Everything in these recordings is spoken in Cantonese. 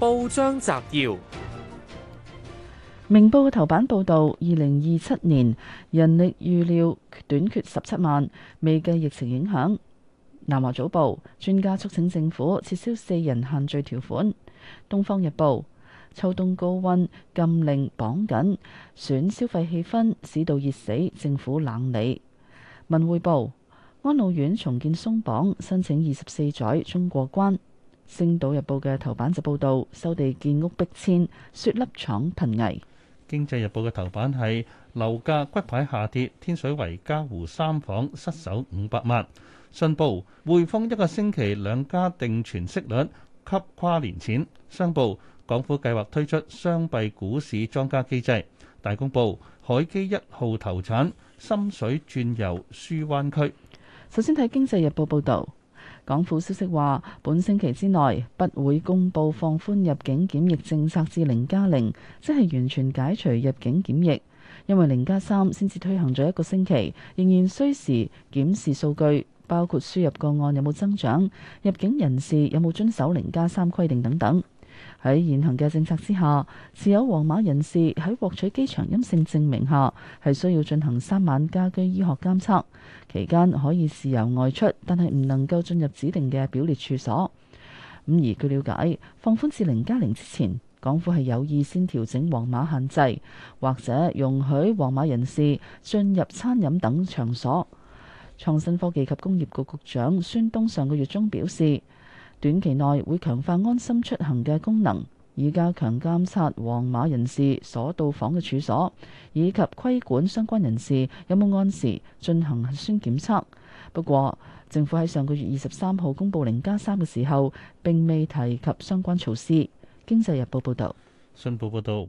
報章摘要：明報頭版報道，二零二七年人力預料短缺十七萬，未計疫情影響。南華早報專家促請政府撤銷四人限聚條款。東方日報秋冬高溫禁令綁緊，損消費氣氛，使到熱死，政府冷理。文匯報安老院重建鬆綁，申請二十四載終過關。星島日報嘅頭版就報道，收地建屋迫遷，雪粒廠瀕危。經濟日報嘅頭版係樓價骨牌下跌，天水圍嘉湖三房失守五百萬。信報匯豐一個星期兩家定存息率吸跨年錢。商報港府計劃推出雙幣股市莊家機制。大公報海基一號投產，深水鑽油輸灣區。首先睇經濟日報報道。港府消息話，本星期之內不會公布放寬入境檢疫政策至零加零，0，即係完全解除入境檢疫，因為零加三先至推行咗一個星期，仍然需時檢視數據，包括輸入個案有冇增長、入境人士有冇遵守零加三規定等等。喺現行嘅政策之下，持有黃碼人士喺獲取機場陰性證明下，係需要進行三晚家居醫學監測，期間可以自由外出，但係唔能夠進入指定嘅表列處所。咁而據了解，放寬至零加零之前，港府係有意先調整黃碼限制，或者容許黃碼人士進入餐飲等場所。創新科技及工業局局長孫東上個月中表示。短期內會強化安心出行嘅功能，以加強監察黃碼人士所到訪嘅處所，以及規管相關人士有冇按時進行核酸檢測。不過，政府喺上個月二十三號公布零加三嘅時候，並未提及相關措施。經濟日報報道。信報報導。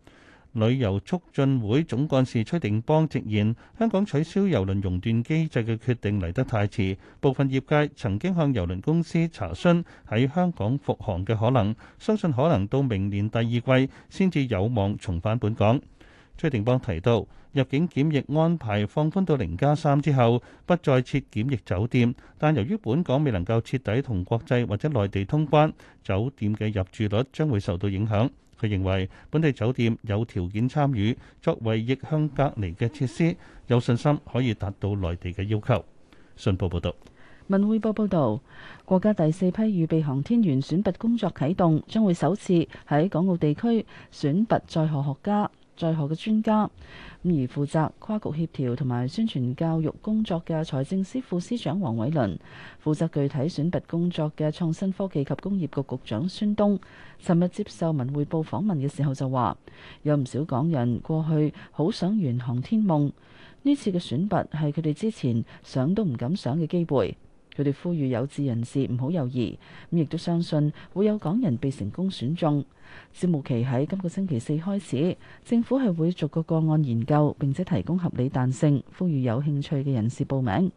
旅遊促進會總幹事崔定邦直言，香港取消郵輪熔斷機制嘅決定嚟得太遲，部分業界曾經向郵輪公司查詢喺香港復航嘅可能，相信可能到明年第二季先至有望重返本港。崔定邦提到，入境檢疫安排放寬到零加三之後，不再設檢疫酒店，但由於本港未能夠徹底同國際或者內地通關，酒店嘅入住率將會受到影響。佢認為本地酒店有條件參與作為逆向隔離嘅設施，有信心可以達到內地嘅要求。信報報道。文匯報報道，國家第四批預備航天員選拔工作啓動，將會首次喺港澳地區選拔載荷專家。在學嘅專家，而負責跨局協調同埋宣傳教育工作嘅財政司副司長黃偉綸，負責具體選拔工作嘅創新科技及工業局局長孫東，尋日接受文匯報訪問嘅時候就話：有唔少港人過去好想圓航天夢，呢次嘅選拔係佢哋之前想都唔敢想嘅機會。佢哋呼籲有志人士唔好猶豫，咁亦都相信會有港人被成功選中。招募期喺今個星期四開始，政府係會逐個個案研究，並且提供合理彈性，呼籲有興趣嘅人士報名。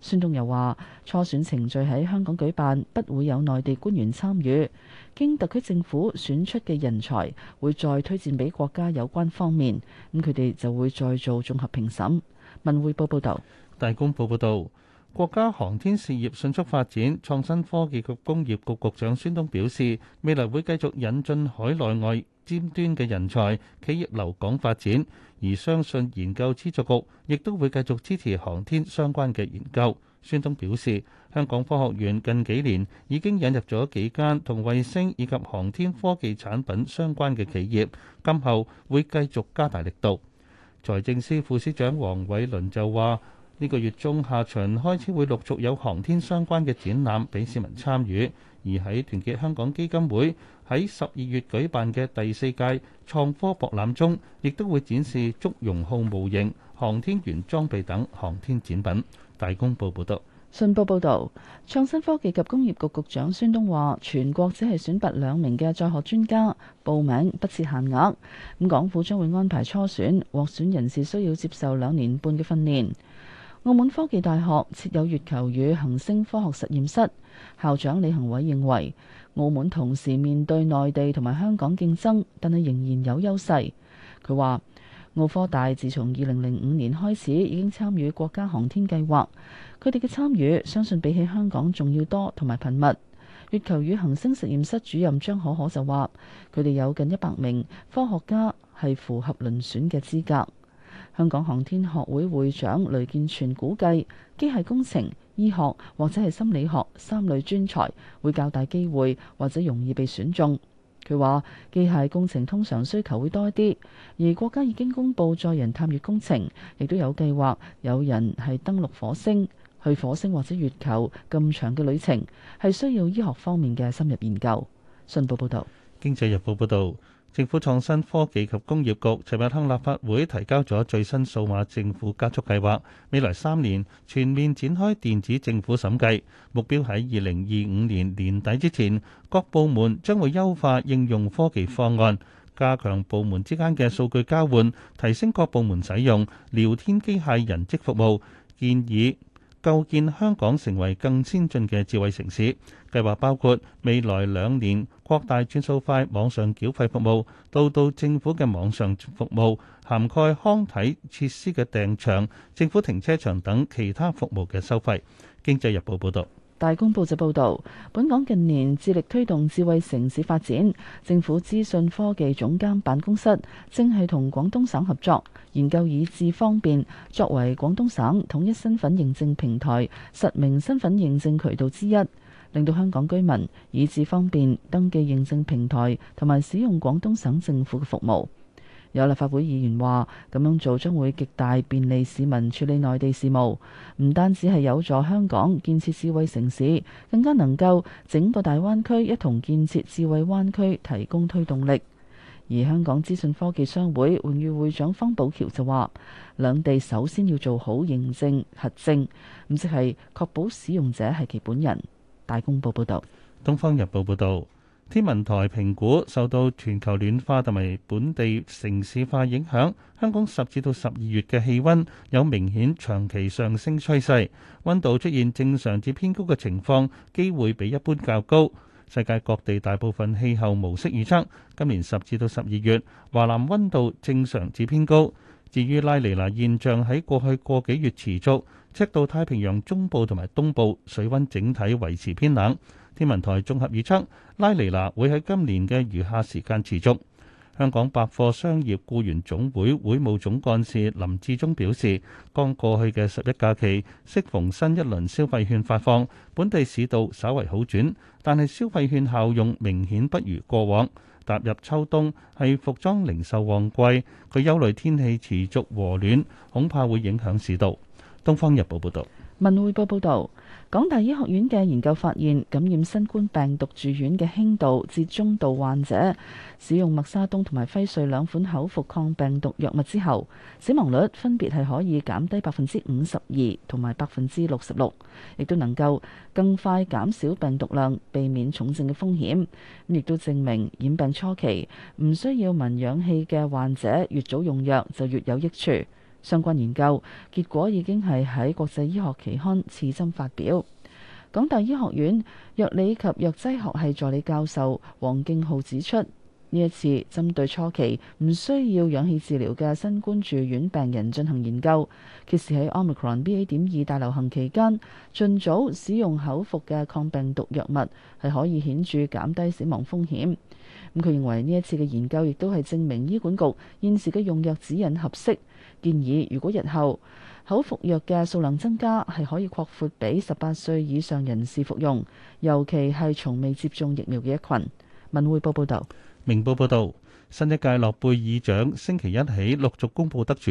孫東又話：初選程序喺香港舉辦，不會有內地官員參與。經特區政府選出嘅人才，會再推薦俾國家有關方面，咁佢哋就會再做綜合評審。文匯報報道。大公報報導。國家航天事業迅速發展，創新科技及工業局局長孫東表示，未來會繼續引進海內外尖端嘅人才，企業留港發展，而相信研究資助局亦都會繼續支持航天相關嘅研究。孫東表示，香港科學院近幾年已經引入咗幾間同衛星以及航天科技產品相關嘅企業，今後會繼續加大力度。財政司副司長黃偉綸就話。呢個月中下旬開始會陸續有航天相關嘅展覽俾市民參與，而喺團結香港基金會喺十二月舉辦嘅第四屆創科博覽中，亦都會展示祝融號模型、航天員裝備等航天展品。大公報報道，信報報道，創新科技及工業局局長孫東話：全國只係選拔兩名嘅在學專家報名不，不設限額。咁港府將會安排初選，獲選人士需要接受兩年半嘅訓練。澳門科技大學設有月球與行星科學實驗室，校長李行偉認為，澳門同時面對內地同埋香港競爭，但係仍然有優勢。佢話澳科大自從二零零五年開始已經參與國家航天計劃，佢哋嘅參與相信比起香港仲要多同埋頻密。月球與行星實驗室主任張可可就話，佢哋有近一百名科學家係符合遴選嘅資格。香港航天學會會長雷建全估計機械工程、醫學或者係心理學三類專才會較大機會或者容易被選中。佢話機械工程通常需求會多啲，而國家已經公布載人探月工程，亦都有計劃有人係登陸火星、去火星或者月球咁長嘅旅程，係需要醫學方面嘅深入研究。信報報道。《經濟日報》報導，政府創新科技及工業局昨日喺立法會提交咗最新數碼政府加速計劃，未來三年全面展開電子政府審計，目標喺二零二五年年底之前，各部門將會優化應用科技方案，加強部門之間嘅數據交換，提升各部門使用聊天機械人職服務，建議，構建香港成為更先進嘅智慧城市計劃，包括未來兩年擴大轉數快網上繳費服務，到到政府嘅網上服務，涵蓋康體設施嘅訂場、政府停車場等其他服務嘅收費。經濟日報報導。大公報就報導，本港近年致力推動智慧城市發展，政府資訊科技總監辦公室正係同廣東省合作，研究以智方便作為廣東省統一身份認證平台、實名身份認證渠道之一，令到香港居民以智方便登記認證平台同埋使用廣東省政府嘅服務。有立法會議員話：咁樣做將會極大便利市民處理內地事務，唔單止係有助香港建設智慧城市，更加能夠整個大灣區一同建設智慧灣區提供推動力。而香港資訊科技商會榮譽會長方寶橋就話：兩地首先要做好認證核證，咁即係確保使用者係其本人。大公報報道。《東方日報》報導。天文台評估受到全球暖化同埋本地城市化影響，香港十至到十二月嘅氣温有明顯長期上升趨勢，温度出現正常至偏高嘅情況，機會比一般較高。世界各地大部分氣候模式預測，今年十至到十二月華南温度正常至偏高。至於拉尼娜現象喺過去過幾月持續，赤道太平洋中部同埋東部水溫整體維持偏冷。天文台綜合預測，拉尼娜會喺今年嘅餘下時間持續。香港百貨商業僱員總會會務總幹事林志忠表示，剛過去嘅十一假期，適逢新一輪消費券發放，本地市道稍為好轉，但係消費券效用明顯不如過往。踏入秋冬係服裝零售旺季，佢憂慮天氣持續和暖，恐怕會影響市道。《東方日報》報導。文匯報報道，港大醫學院嘅研究發現，感染新冠病毒住院嘅輕度至中度患者，使用默沙東同埋輝瑞兩款口服抗病毒藥物之後，死亡率分別係可以減低百分之五十二同埋百分之六十六，亦都能夠更快減少病毒量，避免重症嘅風險。亦都證明，染病初期唔需要聞氧氣嘅患者，越早用藥就越有益處。相關研究結果已經係喺國際醫學期刊次針發表。港大醫學院藥理及藥劑學系助理教授黃敬浩指出，呢一次針對初期唔需要氧氣治療嘅新冠住院病人進行研究，揭示喺 Omicron B A. 點二大流行期間，儘早使用口服嘅抗病毒藥物係可以顯著減低死亡風險。咁佢認為呢一次嘅研究亦都係證明醫管局現時嘅用藥指引合適。建議，如果日後口服藥嘅數量增加，係可以擴闊俾十八歲以上人士服用，尤其係從未接種疫苗嘅一群。文匯報報道，明報報道，新一屆諾貝爾獎星期一起陸續公佈得主，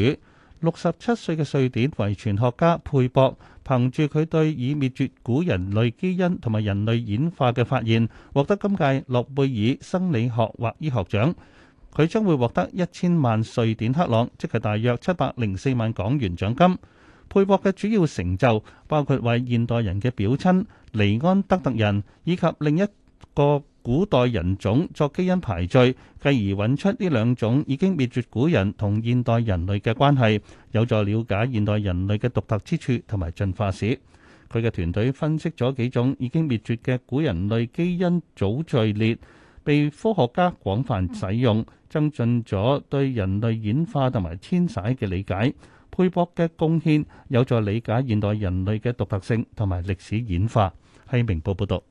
六十七歲嘅瑞典遺傳學家佩博，憑住佢對已滅絕古人類基因同埋人類演化嘅發現，獲得今屆諾貝爾生理學或醫學獎。佢將會獲得一千萬瑞典克朗，即係大約七百零四萬港元獎金。佩博嘅主要成就包括為現代人嘅表親尼安德特人以及另一個古代人種作基因排序，繼而揾出呢兩種已經滅絕古人同現代人類嘅關係，有助了解現代人類嘅獨特之處同埋進化史。佢嘅團隊分析咗幾種已經滅絕嘅古人類基因組序列。被科學家廣泛使用，增進咗對人類演化同埋遷徙嘅理解。佩博嘅貢獻有助理解現代人類嘅獨特性同埋歷史演化。係明報報道。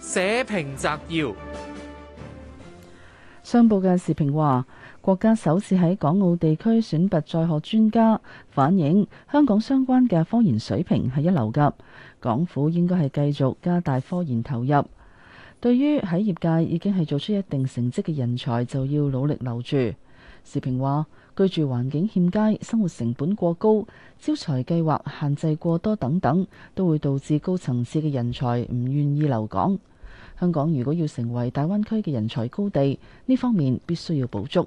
社評摘要，商報嘅時評話。國家首次喺港澳地區選拔在學專家，反映香港相關嘅科研水平係一流㗎。港府應該係繼續加大科研投入。對於喺業界已經係做出一定成績嘅人才，就要努力留住。時評話：居住環境欠佳、生活成本過高、招才計劃限制過多等等，都會導致高層次嘅人才唔願意留港。香港如果要成為大灣區嘅人才高地，呢方面必須要補足。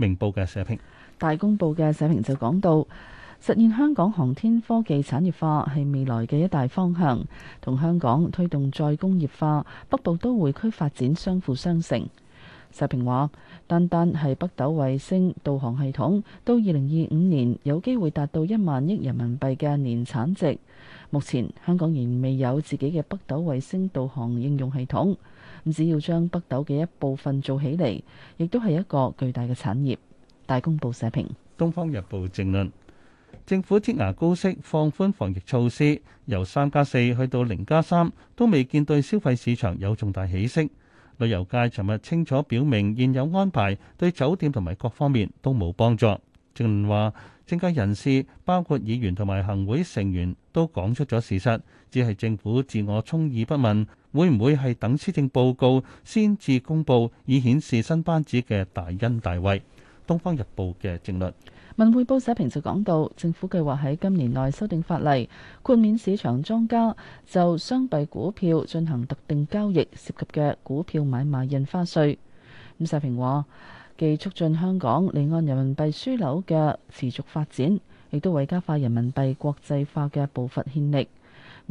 明報嘅社評，大公報嘅社評就講到，實現香港航天科技產業化係未來嘅一大方向，同香港推動再工業化、北部都會區發展相輔相成。社評話，單單係北斗衛星導航系統，到二零二五年有機會達到一萬億人民幣嘅年產值。目前香港仍未有自己嘅北斗衛星導航應用系統。只要將北斗嘅一部分做起嚟，亦都係一個巨大嘅產業。大公報社評《東方日報》政論：政府脱牙高息，放寬防疫措施，由三加四去到零加三，都未見對消費市場有重大起色。旅遊界尋日清楚表明，現有安排對酒店同埋各方面都冇幫助。政論話：政界人士包括議員同埋行會成員都講出咗事實，只係政府自我充耳不聞。會唔會係等施政報告先至公布，以顯示新班子嘅大恩大惠？《東方日報》嘅政論文匯報社評就講到，政府計劃喺今年內修訂法例，豁免市場莊家就雙幣股票進行特定交易涉及嘅股票買賣印花稅。咁社評話，既促進香港離岸人民幣樞紐嘅持續發展，亦都為加快人民幣國際化嘅步伐獻力。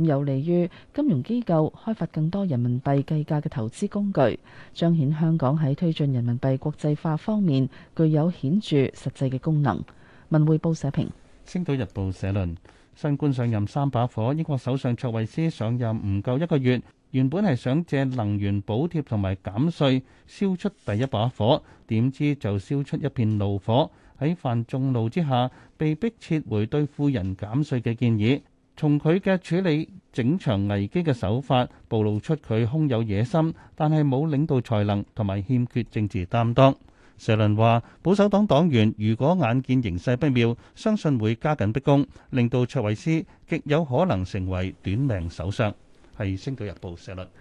有利於金融機構開發更多人民幣計價嘅投資工具，彰顯香港喺推進人民幣國際化方面具有顯著實際嘅功能。文匯報社評。《星島日報》社論：新官上任三把火。英國首相卓慧思上任唔夠一個月，原本係想借能源補貼同埋減稅燒出第一把火，點知就燒出一片怒火。喺犯眾怒之下，被逼撤回對富人減稅嘅建議。從佢嘅處理整場危機嘅手法，暴露出佢空有野心，但係冇領導才能同埋欠缺政治擔當。社論話，保守黨黨員如果眼見形勢不妙，相信會加緊逼宮，令到卓慧思極有可能成為短命首相。係《星島日報》社論。